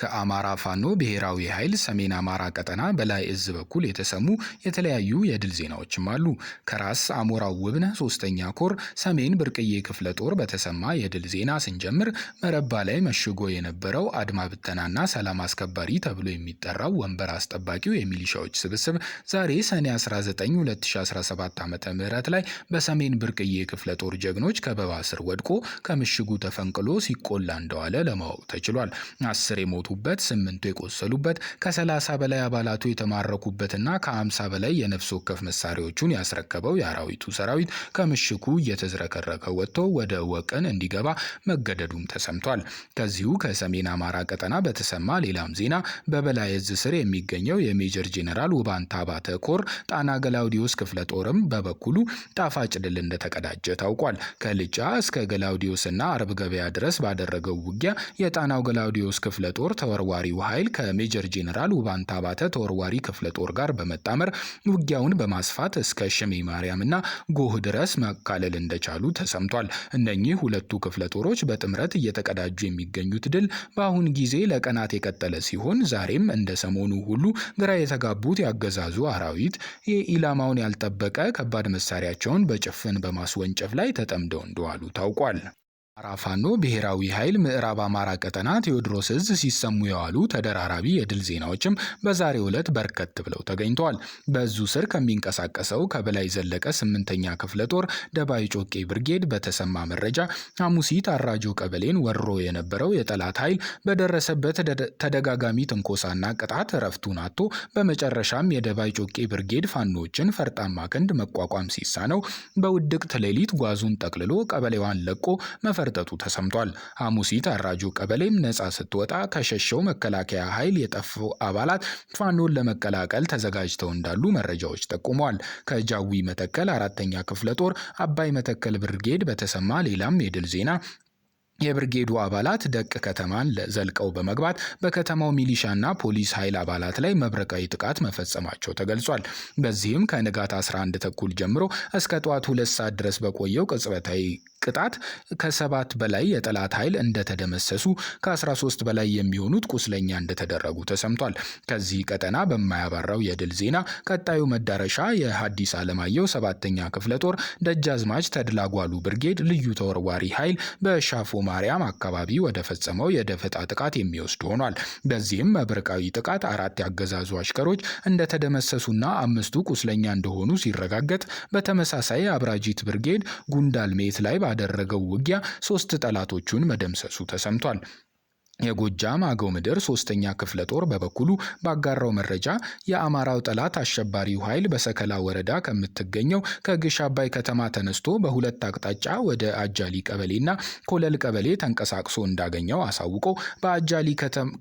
ከአማራ ፋኖ ብሔራዊ ኃይል ሰሜን አማራ ቀጠና በላይ እዝ በኩል የተሰሙ የተለያዩ የድል ዜናዎችም አሉ። ከራስ አሞራው ውብነ ሶስተኛ ኮር ሰሜን ብርቅዬ ክፍለ ጦር በተሰማ የድል ዜና ስንጀምር መረባ ላይ መሽጎ የነበረው አድማ ብተናና ሰላም አስከባሪ ተብሎ የሚጠራው ወንበር አስጠባቂው የሚሊሻዎች ስብስብ ዛሬ ሰኔ 19 2017 ዓ ም ላይ በሰሜን ብርቅዬ ክፍለ ጦር ጀግኖች ከበባ ስር ወድቆ ከምሽጉ ተፈንቅሎ ሲቆላ እንደዋለ ለማወቅ ተችሏል። አስር የሞቱ የሞቱበት፣ ስምንቱ የቆሰሉበት፣ ከ30 በላይ አባላቱ የተማረኩበትና ከ50 በላይ የነፍስ ወከፍ መሳሪያዎቹን ያስረከበው የአራዊቱ ሰራዊት ከምሽኩ እየተዝረከረከ ወጥቶ ወደ ወቅን እንዲገባ መገደዱም ተሰምቷል። ከዚሁ ከሰሜን አማራ ቀጠና በተሰማ ሌላም ዜና በበላይ እዝ ስር የሚገኘው የሜጀር ጄኔራል ውባንታ አባተ ኮር ጣና ገላውዲዮስ ክፍለ ጦርም በበኩሉ ጣፋጭ ድል እንደተቀዳጀ ታውቋል። ከልጫ እስከ ገላውዲዮስና አርብ ገበያ ድረስ ባደረገው ውጊያ የጣናው ገላውዲዮስ ክፍለ ጦር ተወርዋሪው ኃይል ከሜጀር ጄኔራል ውባንታ ባተ ተወርዋሪ ክፍለ ጦር ጋር በመጣመር ውጊያውን በማስፋት እስከ ሽሜ ማርያምና ጎህ ድረስ መካለል እንደቻሉ ተሰምቷል። እነኚህ ሁለቱ ክፍለ ጦሮች በጥምረት እየተቀዳጁ የሚገኙት ድል በአሁን ጊዜ ለቀናት የቀጠለ ሲሆን ዛሬም እንደ ሰሞኑ ሁሉ ግራ የተጋቡት ያገዛዙ አራዊት የኢላማውን ያልጠበቀ ከባድ መሳሪያቸውን በጭፍን በማስወንጨፍ ላይ ተጠምደው እንደዋሉ ታውቋል። አራፋኖ ብሔራዊ ኃይል ምዕራብ አማራ ቀጠና ቴዎድሮስ እዝ ሲሰሙ የዋሉ ተደራራቢ የድል ዜናዎችም በዛሬው ዕለት በርከት ብለው ተገኝተዋል። በዙ ስር ከሚንቀሳቀሰው ከበላይ ዘለቀ ስምንተኛ ክፍለ ጦር ደባይ ጮቄ ብርጌድ በተሰማ መረጃ ሐሙሲት አራጆ ቀበሌን ወሮ የነበረው የጠላት ኃይል በደረሰበት ተደጋጋሚ ትንኮሳና ቅጣት እረፍቱን አጥቶ በመጨረሻም የደባይ ጮቄ ብርጌድ ፋኖዎችን ፈርጣማ ክንድ መቋቋም ነው በውድቅት ሌሊት ጓዙን ጠቅልሎ ቀበሌዋን ለቆ መፈ መፈርጠጡ ተሰምቷል። ሐሙሲት አራጁ ቀበሌም ነጻ ስትወጣ ከሸሸው መከላከያ ኃይል የጠፉ አባላት ፋኖን ለመቀላቀል ተዘጋጅተው እንዳሉ መረጃዎች ጠቁመዋል። ከጃዊ መተከል አራተኛ ክፍለ ጦር አባይ መተከል ብርጌድ በተሰማ ሌላም የድል ዜና የብርጌዱ አባላት ደቅ ከተማን ዘልቀው በመግባት በከተማው ሚሊሻና ፖሊስ ኃይል አባላት ላይ መብረቃዊ ጥቃት መፈጸማቸው ተገልጿል። በዚህም ከንጋት 11 ተኩል ጀምሮ እስከ ጠዋት ሁለት ሰዓት ድረስ በቆየው ቅጽበታዊ ቅጣት ከሰባት በላይ የጠላት ኃይል እንደተደመሰሱ ከ13 በላይ የሚሆኑት ቁስለኛ እንደተደረጉ ተሰምቷል። ከዚህ ቀጠና በማያባራው የድል ዜና ቀጣዩ መዳረሻ የሐዲስ ዓለማየሁ ሰባተኛ ክፍለ ጦር ደጃዝማች ተድላጓሉ ብርጌድ ልዩ ተወርዋሪ ኃይል በሻፎ ማርያም አካባቢ ወደ ፈጸመው የደፈጣ ጥቃት የሚወስድ ሆኗል። በዚህም መብረቃዊ ጥቃት አራት ያገዛዙ አሽከሮች እንደተደመሰሱና አምስቱ ቁስለኛ እንደሆኑ ሲረጋገጥ፣ በተመሳሳይ አብራጂት ብርጌድ ጉንዳል ሜት ላይ ባደረገው ውጊያ ሶስት ጠላቶቹን መደምሰሱ ተሰምቷል። የጎጃም አገው ምድር ሶስተኛ ክፍለ ጦር በበኩሉ ባጋራው መረጃ የአማራው ጠላት አሸባሪው ኃይል በሰከላ ወረዳ ከምትገኘው ከግሽ አባይ ከተማ ተነስቶ በሁለት አቅጣጫ ወደ አጃሊ ቀበሌና ኮለል ቀበሌ ተንቀሳቅሶ እንዳገኘው አሳውቆ በአጃሊ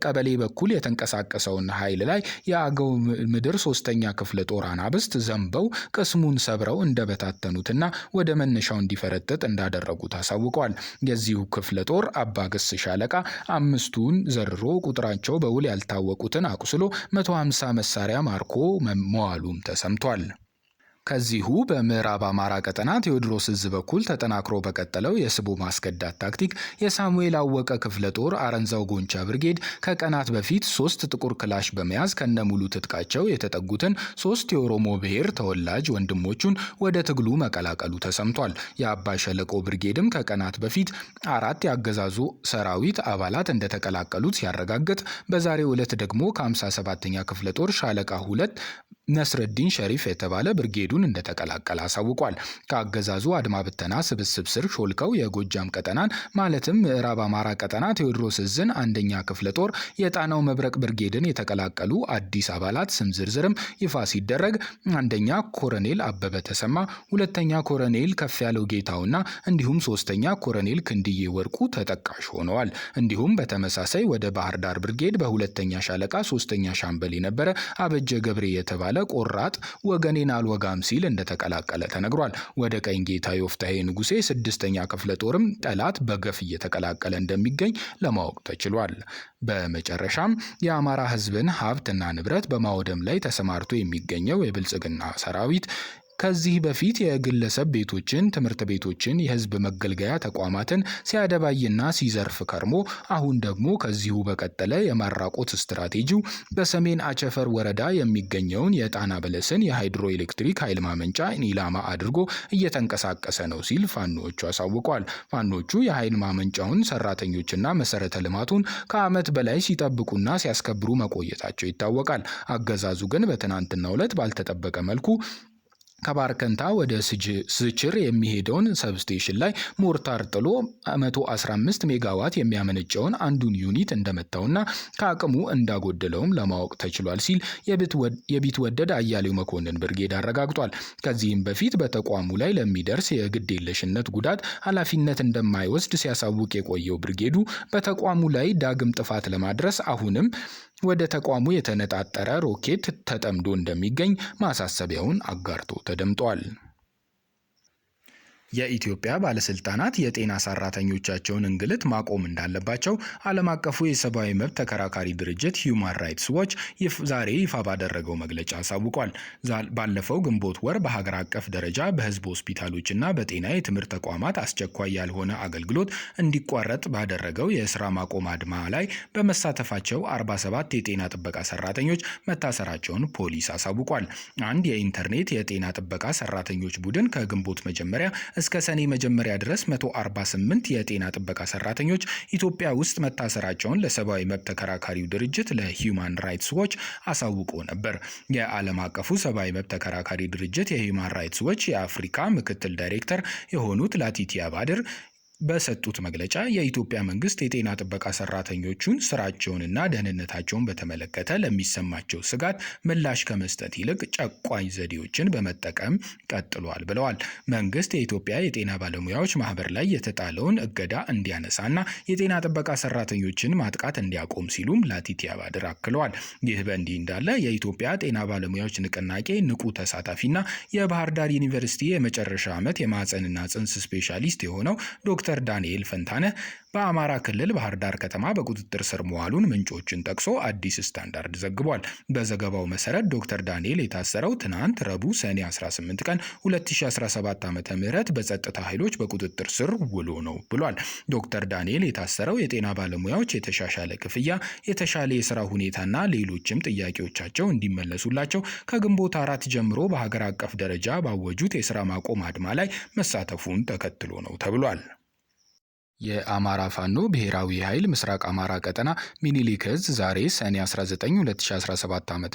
ቀበሌ በኩል የተንቀሳቀሰውን ኃይል ላይ የአገው ምድር ሶስተኛ ክፍለ ጦር አናብስት ዘንበው ቅስሙን ሰብረው እንደበታተኑትና ወደ መነሻው እንዲፈረጥጥ እንዳደረጉት አሳውቀዋል። የዚሁ ክፍለ ጦር አባ ግስ ሻለቃ አምስ አምስቱን ዘርሮ ቁጥራቸው በውል ያልታወቁትን አቁስሎ 150 መሳሪያ ማርኮ መዋሉም ተሰምቷል። ከዚሁ በምዕራብ አማራ ቀጠና ቴዎድሮስ እዝ በኩል ተጠናክሮ በቀጠለው የስቡ ማስገዳት ታክቲክ የሳሙኤል አወቀ ክፍለ ጦር አረንዛው ጎንቻ ብርጌድ ከቀናት በፊት ሶስት ጥቁር ክላሽ በመያዝ ሙሉ ትጥቃቸው የተጠጉትን ሶስት የኦሮሞ ብሔር ተወላጅ ወንድሞቹን ወደ ትግሉ መቀላቀሉ ተሰምቷል። የአባ ሸለቆ ብርጌድም ከቀናት በፊት አራት ያገዛዙ ሰራዊት አባላት እንደተቀላቀሉት ሲያረጋግጥ፣ በዛሬው ዕለት ደግሞ ከ57ኛ ክፍለ ጦር ሻለቃ ሁለት ነስረዲን ሸሪፍ የተባለ ብርጌዱን እንደተቀላቀለ አሳውቋል። ከአገዛዙ አድማ ብተና ስብስብ ስር ሾልከው የጎጃም ቀጠናን ማለትም ምዕራብ አማራ ቀጠና ቴዎድሮስ እዝን አንደኛ ክፍለ ጦር የጣናው መብረቅ ብርጌድን የተቀላቀሉ አዲስ አባላት ስም ዝርዝርም ይፋ ሲደረግ አንደኛ ኮረኔል አበበ ተሰማ፣ ሁለተኛ ኮረኔል ከፍ ያለው ጌታውና እንዲሁም ሶስተኛ ኮረኔል ክንድዬ ወርቁ ተጠቃሽ ሆነዋል። እንዲሁም በተመሳሳይ ወደ ባህር ዳር ብርጌድ በሁለተኛ ሻለቃ ሶስተኛ ሻምበል የነበረ አበጀ ገብሬ የተባለ ያለ ቆራጥ ወገኔን አልወጋም ሲል እንደተቀላቀለ ተነግሯል። ወደ ቀኝ ጌታ የወፍታሄ ንጉሴ ስድስተኛ ክፍለ ጦርም ጠላት በገፍ እየተቀላቀለ እንደሚገኝ ለማወቅ ተችሏል። በመጨረሻም የአማራ ህዝብን ሀብትና ንብረት በማውደም ላይ ተሰማርቶ የሚገኘው የብልጽግና ሰራዊት ከዚህ በፊት የግለሰብ ቤቶችን፣ ትምህርት ቤቶችን፣ የህዝብ መገልገያ ተቋማትን ሲያደባይና ሲዘርፍ ከርሞ አሁን ደግሞ ከዚሁ በቀጠለ የማራቆት ስትራቴጂው በሰሜን አቸፈር ወረዳ የሚገኘውን የጣና በለስን የሃይድሮ ኤሌክትሪክ ኃይል ማመንጫ ኢላማ አድርጎ እየተንቀሳቀሰ ነው ሲል ፋኖዎቹ አሳውቋል። ፋኖቹ የኃይል ማመንጫውን ሰራተኞችና መሰረተ ልማቱን ከዓመት በላይ ሲጠብቁና ሲያስከብሩ መቆየታቸው ይታወቃል። አገዛዙ ግን በትናንትናው ዕለት ባልተጠበቀ መልኩ ከባርከንታ ወደ ስችር የሚሄደውን ሰብስቴሽን ላይ ሞርታር ጥሎ 115 ሜጋዋት የሚያመነጨውን አንዱን ዩኒት እንደመታውና ከአቅሙ እንዳጎደለውም ለማወቅ ተችሏል ሲል የቢትወደድ አያሌው መኮንን ብርጌድ አረጋግጧል። ከዚህም በፊት በተቋሙ ላይ ለሚደርስ የግዴለሽነት ጉዳት ኃላፊነት እንደማይወስድ ሲያሳውቅ የቆየው ብርጌዱ በተቋሙ ላይ ዳግም ጥፋት ለማድረስ አሁንም ወደ ተቋሙ የተነጣጠረ ሮኬት ተጠምዶ እንደሚገኝ ማሳሰቢያውን አጋርቶ ተደምጧል። የኢትዮጵያ ባለስልጣናት የጤና ሰራተኞቻቸውን እንግልት ማቆም እንዳለባቸው ዓለም አቀፉ የሰብአዊ መብት ተከራካሪ ድርጅት ሂዩማን ራይትስ ዎች ዛሬ ይፋ ባደረገው መግለጫ አሳውቋል። ባለፈው ግንቦት ወር በሀገር አቀፍ ደረጃ በህዝብ ሆስፒታሎችና በጤና የትምህርት ተቋማት አስቸኳይ ያልሆነ አገልግሎት እንዲቋረጥ ባደረገው የስራ ማቆም አድማ ላይ በመሳተፋቸው 47 የጤና ጥበቃ ሰራተኞች መታሰራቸውን ፖሊስ አሳውቋል። አንድ የኢንተርኔት የጤና ጥበቃ ሰራተኞች ቡድን ከግንቦት መጀመሪያ እስከ ሰኔ መጀመሪያ ድረስ 148 የጤና ጥበቃ ሰራተኞች ኢትዮጵያ ውስጥ መታሰራቸውን ለሰብአዊ መብት ተከራካሪው ድርጅት ለሂውማን ራይትስ ዎች አሳውቆ ነበር። የዓለም አቀፉ ሰብአዊ መብት ተከራካሪ ድርጅት የሂውማን ራይትስ ዎች የአፍሪካ ምክትል ዳይሬክተር የሆኑት ላቲቲያ ባድር በሰጡት መግለጫ የኢትዮጵያ መንግስት የጤና ጥበቃ ሰራተኞቹን ስራቸውንና ደህንነታቸውን በተመለከተ ለሚሰማቸው ስጋት ምላሽ ከመስጠት ይልቅ ጨቋኝ ዘዴዎችን በመጠቀም ቀጥሏል ብለዋል። መንግስት የኢትዮጵያ የጤና ባለሙያዎች ማህበር ላይ የተጣለውን እገዳ እንዲያነሳና የጤና ጥበቃ ሰራተኞችን ማጥቃት እንዲያቆም ሲሉም ላቲቲ አባድር አክለዋል። ይህ በእንዲህ እንዳለ የኢትዮጵያ ጤና ባለሙያዎች ንቅናቄ ንቁ ተሳታፊና የባህር ዳር ዩኒቨርሲቲ የመጨረሻ ዓመት የማህፀንና ጽንስ ስፔሻሊስት የሆነው ዶክተር ዶክተር ዳንኤል ፈንታነ በአማራ ክልል ባህር ዳር ከተማ በቁጥጥር ስር መዋሉን ምንጮችን ጠቅሶ አዲስ ስታንዳርድ ዘግቧል። በዘገባው መሰረት ዶክተር ዳንኤል የታሰረው ትናንት ረቡዕ ሰኔ 18 ቀን 2017 ዓ ም በጸጥታ ኃይሎች በቁጥጥር ስር ውሎ ነው ብሏል። ዶክተር ዳንኤል የታሰረው የጤና ባለሙያዎች የተሻሻለ ክፍያ፣ የተሻለ የስራ ሁኔታና ሌሎችም ጥያቄዎቻቸው እንዲመለሱላቸው ከግንቦት አራት ጀምሮ በሀገር አቀፍ ደረጃ ባወጁት የስራ ማቆም አድማ ላይ መሳተፉን ተከትሎ ነው ተብሏል። የአማራ ፋኖ ብሔራዊ ኃይል ምስራቅ አማራ ቀጠና ሚኒሊክ እዝ ዛሬ ሰኔ 19 2017 ዓ ም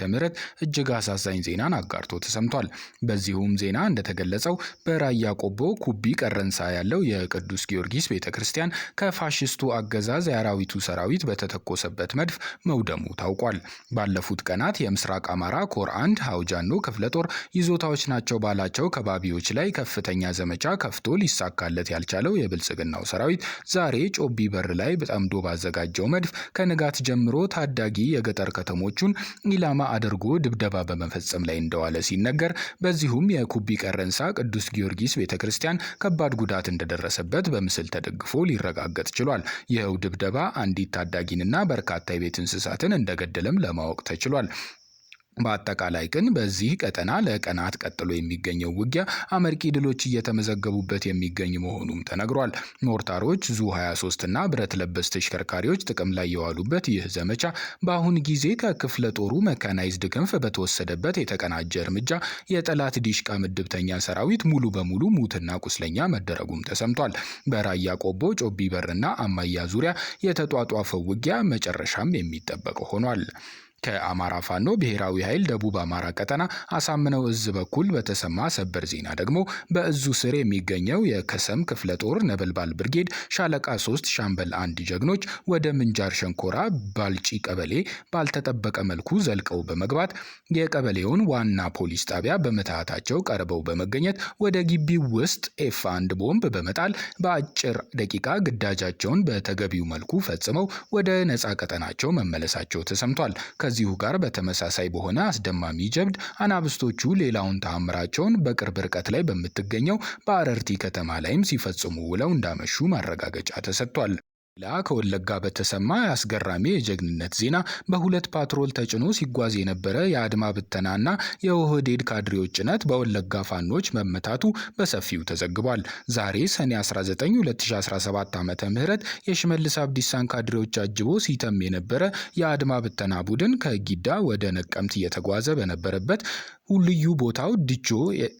እጅግ አሳዛኝ ዜናን አጋርቶ ተሰምቷል። በዚሁም ዜና እንደተገለጸው በራያ ቆቦ ኩቢ ቀረንሳ ያለው የቅዱስ ጊዮርጊስ ቤተ ክርስቲያን ከፋሽስቱ አገዛዝ የአራዊቱ ሰራዊት በተተኮሰበት መድፍ መውደሙ ታውቋል። ባለፉት ቀናት የምስራቅ አማራ ኮር አንድ ሀውጃኖ ክፍለ ጦር ይዞታዎች ናቸው ባላቸው ከባቢዎች ላይ ከፍተኛ ዘመቻ ከፍቶ ሊሳካለት ያልቻለው የብልጽግናው ሰራዊት ዛሬ ጮቢ በር ላይ በጣም ዶ ባዘጋጀው መድፍ ከንጋት ጀምሮ ታዳጊ የገጠር ከተሞቹን ኢላማ አድርጎ ድብደባ በመፈጸም ላይ እንደዋለ ሲነገር፣ በዚሁም የኩቢ ቀረንሳ ቅዱስ ጊዮርጊስ ቤተ ክርስቲያን ከባድ ጉዳት እንደደረሰበት በምስል ተደግፎ ሊረጋገጥ ችሏል። ይኸው ድብደባ አንዲት ታዳጊንና በርካታ የቤት እንስሳትን እንደገደለም ለማወቅ ተችሏል። በአጠቃላይ ግን በዚህ ቀጠና ለቀናት ቀጥሎ የሚገኘው ውጊያ አመርቂ ድሎች እየተመዘገቡበት የሚገኝ መሆኑም ተነግሯል። ሞርታሮች፣ ዙ 23 እና ብረት ለበስ ተሽከርካሪዎች ጥቅም ላይ የዋሉበት ይህ ዘመቻ በአሁን ጊዜ ከክፍለ ጦሩ መካናይዝድ ክንፍ በተወሰደበት የተቀናጀ እርምጃ የጠላት ዲሽቃ ምድብተኛ ሰራዊት ሙሉ በሙሉ ሙትና ቁስለኛ መደረጉም ተሰምቷል። በራያ ቆቦ፣ ጮቢ በርና አማያ ዙሪያ የተጧጧፈው ውጊያ መጨረሻም የሚጠበቅ ሆኗል። ከአማራ ፋኖ ብሔራዊ ኃይል ደቡብ አማራ ቀጠና አሳምነው እዝ በኩል በተሰማ ሰበር ዜና ደግሞ በእዙ ስር የሚገኘው የከሰም ክፍለ ጦር ነበልባል ብርጌድ ሻለቃ ሶስት ሻምበል አንድ ጀግኖች ወደ ምንጃር ሸንኮራ ባልጪ ቀበሌ ባልተጠበቀ መልኩ ዘልቀው በመግባት የቀበሌውን ዋና ፖሊስ ጣቢያ በመታታቸው ቀርበው በመገኘት ወደ ግቢ ውስጥ ኤፍ አንድ ቦምብ በመጣል በአጭር ደቂቃ ግዳጃቸውን በተገቢው መልኩ ፈጽመው ወደ ነፃ ቀጠናቸው መመለሳቸው ተሰምቷል። ከዚሁ ጋር በተመሳሳይ በሆነ አስደማሚ ጀብድ አናብስቶቹ ሌላውን ተአምራቸውን በቅርብ ርቀት ላይ በምትገኘው በአረርቲ ከተማ ላይም ሲፈጽሙ ውለው እንዳመሹ ማረጋገጫ ተሰጥቷል። ሌላ ከወለጋ በተሰማ አስገራሚ የጀግንነት ዜና በሁለት ፓትሮል ተጭኖ ሲጓዝ የነበረ የአድማ ብተናና የኦህዴድ ካድሬዎች ጭነት በወለጋ ፋኖች መመታቱ በሰፊው ተዘግቧል። ዛሬ ሰኔ 19 2017 ዓ ም የሽመልስ አብዲሳን ካድሬዎች አጅቦ ሲተም የነበረ የአድማ ብተና ቡድን ከጊዳ ወደ ነቀምት እየተጓዘ በነበረበት ልዩ ቦታው ድቾ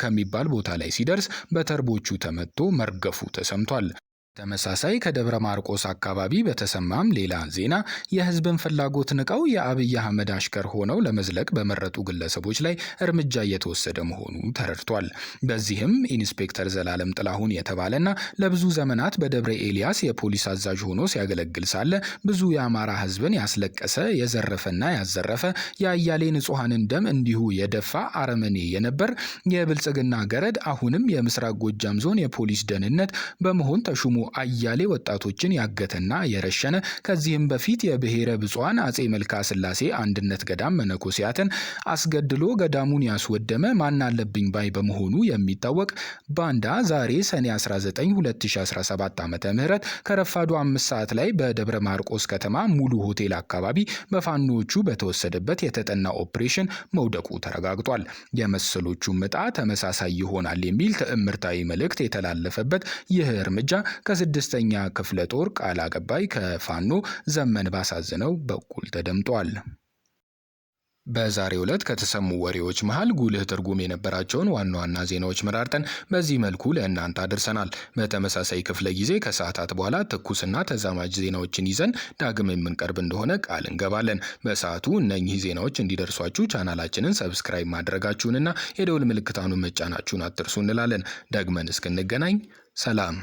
ከሚባል ቦታ ላይ ሲደርስ በተርቦቹ ተመቶ መርገፉ ተሰምቷል። ተመሳሳይ ከደብረ ማርቆስ አካባቢ በተሰማም ሌላ ዜና የህዝብን ፍላጎት ንቀው የአብይ አህመድ አሽከር ሆነው ለመዝለቅ በመረጡ ግለሰቦች ላይ እርምጃ እየተወሰደ መሆኑ ተረድቷል። በዚህም ኢንስፔክተር ዘላለም ጥላሁን የተባለና ለብዙ ዘመናት በደብረ ኤልያስ የፖሊስ አዛዥ ሆኖ ሲያገለግል ሳለ ብዙ የአማራ ህዝብን ያስለቀሰ የዘረፈና ያዘረፈ የአያሌ ንጹሐንን ደም እንዲሁ የደፋ አረመኔ የነበር የብልጽግና ገረድ አሁንም የምስራቅ ጎጃም ዞን የፖሊስ ደህንነት በመሆን ተሹሞ አያሌ ወጣቶችን ያገተና የረሸነ ከዚህም በፊት የብሔረ ብፁዓን አጼ መልካ ስላሴ አንድነት ገዳም መነኮሲያትን አስገድሎ ገዳሙን ያስወደመ ማናለብኝ ባይ በመሆኑ የሚታወቅ ባንዳ ዛሬ ሰኔ 19 2017 ዓ ም ከረፋዱ አምስት ሰዓት ላይ በደብረ ማርቆስ ከተማ ሙሉ ሆቴል አካባቢ በፋኖዎቹ በተወሰደበት የተጠና ኦፕሬሽን መውደቁ ተረጋግጧል። የመሰሎቹ ምጣ ተመሳሳይ ይሆናል የሚል ትዕምርታዊ መልእክት የተላለፈበት ይህ እርምጃ ከስድስተኛ ክፍለ ጦር ቃል አቀባይ ከፋኖ ዘመን ባሳዝነው በኩል ተደምጧል። በዛሬ ዕለት ከተሰሙ ወሬዎች መሃል ጉልህ ትርጉም የነበራቸውን ዋና ዋና ዜናዎች መራርጠን በዚህ መልኩ ለእናንተ አድርሰናል። በተመሳሳይ ክፍለ ጊዜ ከሰዓታት በኋላ ትኩስና ተዛማጅ ዜናዎችን ይዘን ዳግም የምንቀርብ እንደሆነ ቃል እንገባለን። በሰዓቱ እነኚህ ዜናዎች እንዲደርሷችሁ ቻናላችንን ሰብስክራይብ ማድረጋችሁንና የደውል ምልክታኑን መጫናችሁን አትርሱ እንላለን። ደግመን እስክንገናኝ ሰላም።